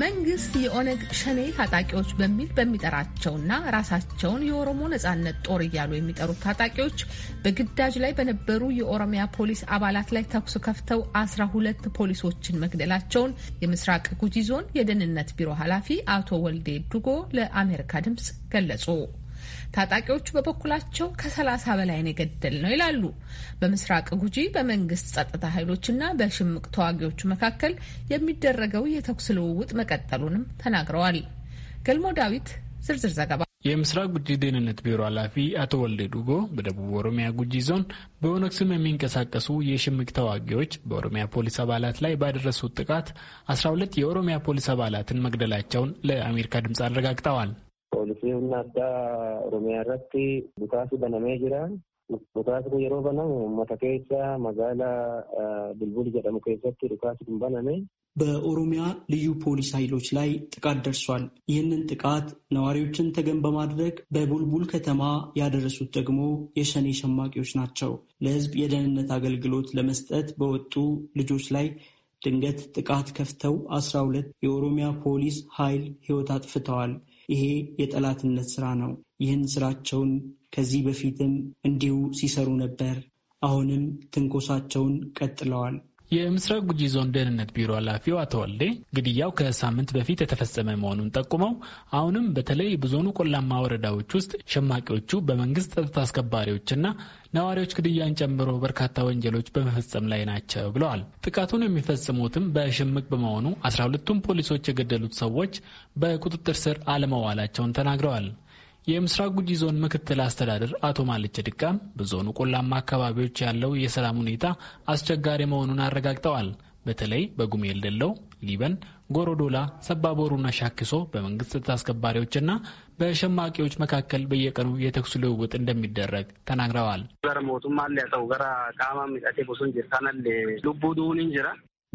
መንግስት የኦነግ ሸኔ ታጣቂዎች በሚል በሚጠራቸውና ራሳቸውን የኦሮሞ ነጻነት ጦር እያሉ የሚጠሩት ታጣቂዎች በግዳጅ ላይ በነበሩ የኦሮሚያ ፖሊስ አባላት ላይ ተኩስ ከፍተው አስራ ሁለት ፖሊሶችን መግደላቸውን የምስራቅ ጉጂ ዞን የደህንነት ቢሮ ኃላፊ አቶ ወልዴ ዱጎ ለአሜሪካ ድምጽ ገለጹ። ታጣቂዎቹ በበኩላቸው ከሰላሳ በላይን የገደል ነው ይላሉ። በምስራቅ ጉጂ በመንግስት ጸጥታ ኃይሎችና በሽምቅ ተዋጊዎቹ መካከል የሚደረገው የተኩስ ልውውጥ መቀጠሉንም ተናግረዋል። ገልሞ ዳዊት ዝርዝር ዘገባ የምስራቅ ጉጂ ደህንነት ቢሮ ኃላፊ አቶ ወልዴ ዱጎ በደቡብ ኦሮሚያ ጉጂ ዞን በኦነግ ስም የሚንቀሳቀሱ የሽምቅ ተዋጊዎች በኦሮሚያ ፖሊስ አባላት ላይ ባደረሱት ጥቃት 12 የኦሮሚያ ፖሊስ አባላትን መግደላቸውን ለአሜሪካ ድምፅ አረጋግጠዋል። poolisii humna addaa Oromiyaa irratti bukaasu banamee jira. Bukaasi kun yeroo banamu uummata keessa magaalaa ah, Bilbul jedhamu keessatti bukaasi kun baname በኦሮሚያ ልዩ ፖሊስ ኃይሎች ላይ ጥቃት ደርሷል። ይህንን ጥቃት ነዋሪዎችን ተገን በማድረግ በቡልቡል ከተማ ያደረሱት ደግሞ የሸኔ ሸማቂዎች ናቸው። ለሕዝብ የደህንነት አገልግሎት ለመስጠት በወጡ ልጆች ላይ ድንገት ጥቃት ከፍተው አስራ ሁለት የኦሮሚያ ፖሊስ ኃይል ሕይወት አጥፍተዋል። ይሄ የጠላትነት ስራ ነው። ይህን ስራቸውን ከዚህ በፊትም እንዲሁ ሲሰሩ ነበር። አሁንም ትንኮሳቸውን ቀጥለዋል። የምስራቅ ጉጂ ዞን ደህንነት ቢሮ ኃላፊው አቶ ወልዴ ግድያው ከሳምንት በፊት የተፈጸመ መሆኑን ጠቁመው አሁንም በተለይ ብዙኑ ቆላማ ወረዳዎች ውስጥ ሸማቂዎቹ በመንግስት ጸጥታ አስከባሪዎችና ነዋሪዎች ግድያን ጨምሮ በርካታ ወንጀሎች በመፈጸም ላይ ናቸው ብለዋል። ጥቃቱን የሚፈጽሙትም በሽምቅ በመሆኑ አስራ ሁለቱም ፖሊሶች የገደሉት ሰዎች በቁጥጥር ስር አለመዋላቸውን ተናግረዋል። የምስራቅ ጉጂ ዞን ምክትል አስተዳደር አቶ ማልቸ ድቃም በዞኑ ቆላማ አካባቢዎች ያለው የሰላም ሁኔታ አስቸጋሪ መሆኑን አረጋግጠዋል። በተለይ በጉሜል ደለው፣ ሊበን፣ ጎሮዶላ፣ ሰባቦሩና ሻኪሶ በመንግስት ጸጥታ አስከባሪዎችና በሸማቂዎች መካከል በየቀኑ የተኩስ ልውውጥ እንደሚደረግ ተናግረዋል።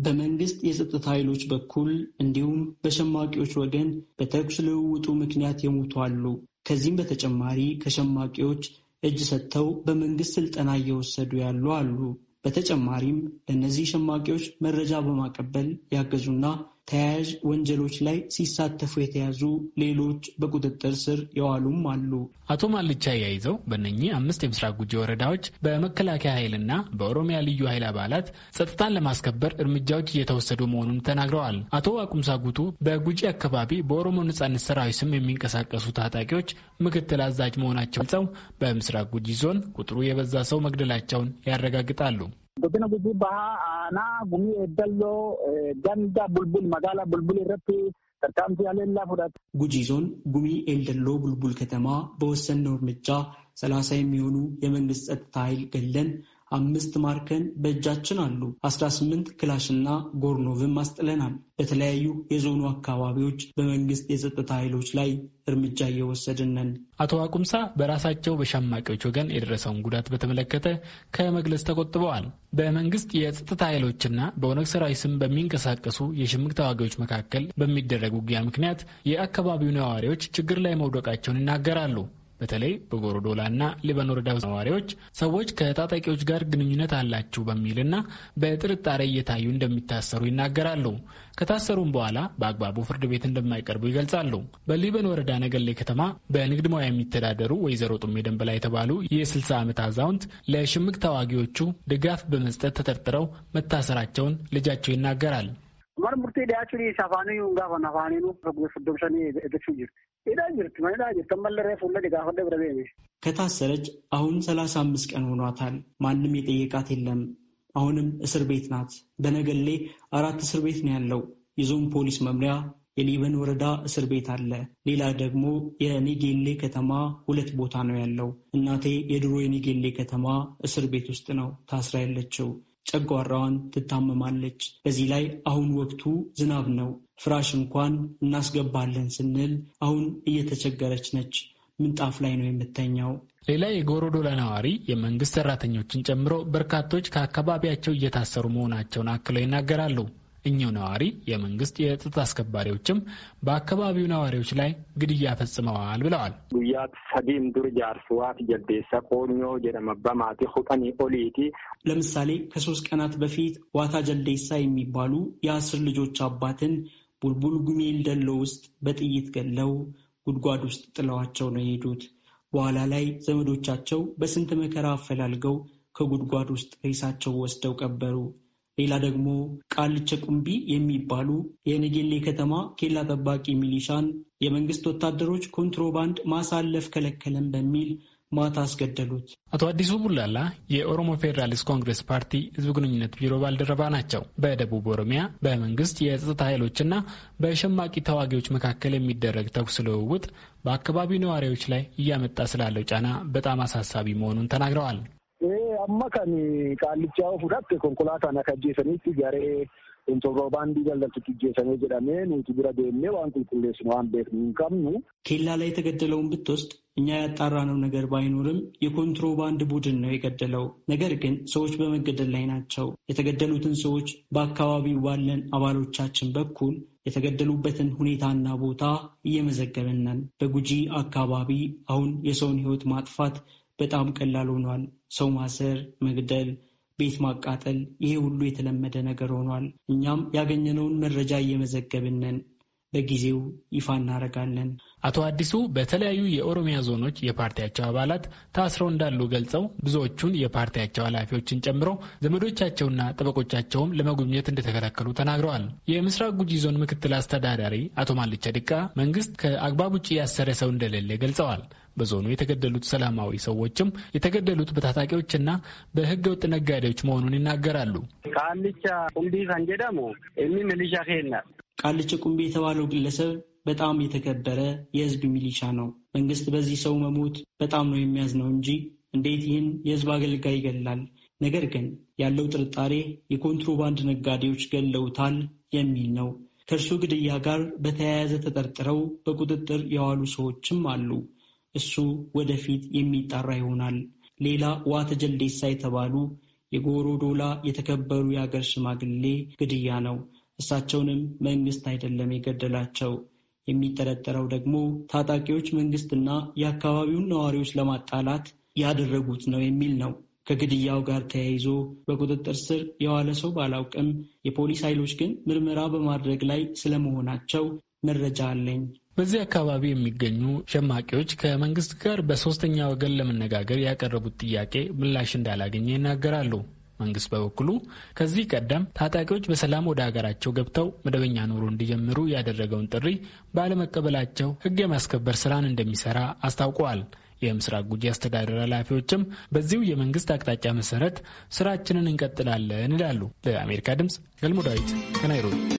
በመንግስት የጸጥታ ኃይሎች በኩል እንዲሁም በሸማቂዎች ወገን በተኩስ ልውውጡ ምክንያት የሞቱ አሉ። ከዚህም በተጨማሪ ከሸማቂዎች እጅ ሰጥተው በመንግስት ስልጠና እየወሰዱ ያሉ አሉ። በተጨማሪም ለእነዚህ ሸማቂዎች መረጃ በማቀበል ያገዙና ተያያዥ ወንጀሎች ላይ ሲሳተፉ የተያዙ ሌሎች በቁጥጥር ስር የዋሉም አሉ። አቶ ማልቻ ያይዘው በነኚህ አምስት የምስራቅ ጉጂ ወረዳዎች በመከላከያ ኃይልና በኦሮሚያ ልዩ ኃይል አባላት ጸጥታን ለማስከበር እርምጃዎች እየተወሰዱ መሆኑን ተናግረዋል። አቶ አቁምሳ ጉቱ በጉጂ አካባቢ በኦሮሞ ነጻነት ሰራዊት ስም የሚንቀሳቀሱ ታጣቂዎች ምክትል አዛዥ መሆናቸው ገልጸው በምስራቅ ጉጂ ዞን ቁጥሩ የበዛ ሰው መግደላቸውን ያረጋግጣሉ። Godina Gujii Bahaa anaa Gumii Eeddalloo eh, Ganda Bulbul magaalaa Bulbul irratti tarkaanfii haleellaa fudhate. ጉጂዞን ጉሚ bulbul ቡልቡል ከተማ በወሰነው እርምጃ ሰላሳ የሚሆኑ የመንግስት ጸጥታ አምስት ማርከን በእጃችን አሉ። 18 ክላሽና ጎርኖቭም አስጥለናል። በተለያዩ የዞኑ አካባቢዎች በመንግስት የጸጥታ ኃይሎች ላይ እርምጃ እየወሰድን ነን። አቶ አቁምሳ በራሳቸው በሸማቂዎች ወገን የደረሰውን ጉዳት በተመለከተ ከመግለጽ ተቆጥበዋል። በመንግስት የጸጥታ ኃይሎችና በኦነግ ሰራዊት ስም በሚንቀሳቀሱ የሽምቅ ተዋጊዎች መካከል በሚደረግ ውጊያ ምክንያት የአካባቢው ነዋሪዎች ችግር ላይ መውደቃቸውን ይናገራሉ። በተለይ በጎሮዶላና ሊበን ወረዳ ነዋሪዎች ሰዎች ከታጣቂዎች ጋር ግንኙነት አላችሁ በሚልና በጥርጣሬ እየታዩ እንደሚታሰሩ ይናገራሉ። ከታሰሩም በኋላ በአግባቡ ፍርድ ቤት እንደማይቀርቡ ይገልጻሉ። በሊበን ወረዳ ነገሌ ከተማ በንግድ ሙያ የሚተዳደሩ ወይዘሮ ጡሜ ደንበላ የተባሉ የ60 ዓመት አዛውንት ለሽምቅ ተዋጊዎቹ ድጋፍ በመስጠት ተጠርጥረው መታሰራቸውን ልጃቸው ይናገራል። መርሙርቴ ዲያቹ ሰፋኒ ነው ነፋኒ ዶብሰኒ ገቹ ከታሰረች አሁን ሰላሳ አምስት ቀን ሆኗታል። ማንም የጠየቃት የለም። አሁንም እስር ቤት ናት። በነገሌ አራት እስር ቤት ነው ያለው። የዞን ፖሊስ መምሪያ የሊበን ወረዳ እስር ቤት አለ። ሌላ ደግሞ የኒጌሌ ከተማ ሁለት ቦታ ነው ያለው። እናቴ የድሮ የኒጌሌ ከተማ እስር ቤት ውስጥ ነው ታስራ ያለችው። ጨጓራዋን ትታመማለች። በዚህ ላይ አሁን ወቅቱ ዝናብ ነው። ፍራሽ እንኳን እናስገባለን ስንል አሁን እየተቸገረች ነች። ምንጣፍ ላይ ነው የምተኛው። ሌላ የጎሮዶላ ነዋሪ የመንግስት ሰራተኞችን ጨምሮ በርካቶች ከአካባቢያቸው እየታሰሩ መሆናቸውን አክለው ይናገራሉ። እኛው ነዋሪ የመንግስት የጸጥታ አስከባሪዎችም በአካባቢው ነዋሪዎች ላይ ግድያ ፈጽመዋል ብለዋል። ጉያት ሰዲም ዱር ጃርስዋት ጀልዴሰ ቆኞ ጀደመበማቴ ሁጠኒ ኦሊቲ ለምሳሌ ከሶስት ቀናት በፊት ዋታ ጀልዴሳ የሚባሉ የአስር ልጆች አባትን ቡልቡል ጉሜል ደሎ ውስጥ በጥይት ገለው ጉድጓድ ውስጥ ጥለዋቸው ነው የሄዱት። በኋላ ላይ ዘመዶቻቸው በስንት መከራ አፈላልገው ከጉድጓድ ውስጥ ሬሳቸው ወስደው ቀበሩ። ሌላ ደግሞ ቃልቸ ቁምቢ የሚባሉ የነጌሌ ከተማ ኬላ ጠባቂ ሚሊሻን የመንግስት ወታደሮች ኮንትሮባንድ ማሳለፍ ከለከለን በሚል ማታ አስገደሉት። አቶ አዲሱ ቡላላ የኦሮሞ ፌዴራሊስት ኮንግሬስ ፓርቲ ህዝብ ግንኙነት ቢሮ ባልደረባ ናቸው። በደቡብ ኦሮሚያ በመንግስት የጸጥታ ኃይሎችና በሸማቂ ተዋጊዎች መካከል የሚደረግ ተኩስ ልውውጥ በአካባቢው ነዋሪዎች ላይ እያመጣ ስላለው ጫና በጣም አሳሳቢ መሆኑን ተናግረዋል። amma kan qaallichaa fuudhatte konkolaataan akka ajjeesanitti garee kontoroobaandii daldaltutti እጅሰኔ jedhamee nuti bira deemnee waan qulqulleessinu waan beeknu hin qabnu ኬላ ላይ የተገደለውን ብትወስድ እኛ ያጣራነው ነገር ባይኖርም የኮንትሮባንድ ቡድን ነው የገደለው። ነገር ግን ሰዎች በመገደል ላይ ናቸው። የተገደሉትን ሰዎች በአካባቢው ባለን አባሎቻችን በኩል የተገደሉበትን ሁኔታና ቦታ እየመዘገብን ነን። በጉጂ አካባቢ አሁን የሰውን ሕይወት ማጥፋት በጣም ቀላል ሆኗል። ሰው ማሰር፣ መግደል፣ ቤት ማቃጠል ይሄ ሁሉ የተለመደ ነገር ሆኗል። እኛም ያገኘነውን መረጃ እየመዘገብን ነን። በጊዜው ይፋ እናደርጋለን። አቶ አዲሱ በተለያዩ የኦሮሚያ ዞኖች የፓርቲያቸው አባላት ታስረው እንዳሉ ገልጸው ብዙዎቹን የፓርቲያቸው ኃላፊዎችን ጨምሮ ዘመዶቻቸውና ጠበቆቻቸውም ለመጎብኘት እንደተከለከሉ ተናግረዋል። የምስራቅ ጉጂ ዞን ምክትል አስተዳዳሪ አቶ ማልቻ ድቃ መንግስት ከአግባብ ውጭ ያሰረ ሰው እንደሌለ ገልጸዋል። በዞኑ የተገደሉት ሰላማዊ ሰዎችም የተገደሉት በታጣቂዎችና በህገ ወጥ ነጋዴዎች መሆኑን ይናገራሉ። ከአልቻ ቁምዲ ከንጀዳሙ እኒ ሚሊሻ ኬና ቃልቸ ቁምቤ የተባለው ግለሰብ በጣም የተከበረ የህዝብ ሚሊሻ ነው። መንግስት በዚህ ሰው መሞት በጣም ነው የሚያዝነው እንጂ እንዴት ይህን የህዝብ አገልጋይ ይገላል? ነገር ግን ያለው ጥርጣሬ የኮንትሮባንድ ነጋዴዎች ገለውታል የሚል ነው። ከእርሱ ግድያ ጋር በተያያዘ ተጠርጥረው በቁጥጥር የዋሉ ሰዎችም አሉ። እሱ ወደፊት የሚጣራ ይሆናል። ሌላ ዋ ተጀልዴሳ የተባሉ የጎሮ ዶላ የተከበሩ የአገር ሽማግሌ ግድያ ነው። እሳቸውንም መንግስት አይደለም የገደላቸው። የሚጠረጠረው ደግሞ ታጣቂዎች መንግስትና የአካባቢውን ነዋሪዎች ለማጣላት ያደረጉት ነው የሚል ነው። ከግድያው ጋር ተያይዞ በቁጥጥር ስር የዋለ ሰው ባላውቅም የፖሊስ ኃይሎች ግን ምርመራ በማድረግ ላይ ስለመሆናቸው መረጃ አለኝ። በዚህ አካባቢ የሚገኙ ሸማቂዎች ከመንግስት ጋር በሶስተኛ ወገን ለመነጋገር ያቀረቡት ጥያቄ ምላሽ እንዳላገኘ ይናገራሉ። መንግስት በበኩሉ ከዚህ ቀደም ታጣቂዎች በሰላም ወደ ሀገራቸው ገብተው መደበኛ ኑሮ እንዲጀምሩ ያደረገውን ጥሪ ባለመቀበላቸው ህግ የማስከበር ስራን እንደሚሰራ አስታውቀዋል። የምስራቅ ጉጂ አስተዳደር ኃላፊዎችም በዚሁ የመንግስት አቅጣጫ መሰረት ስራችንን እንቀጥላለን ይላሉ። ለአሜሪካ ድምፅ ገልሞ ዳዊት ከናይሮቢ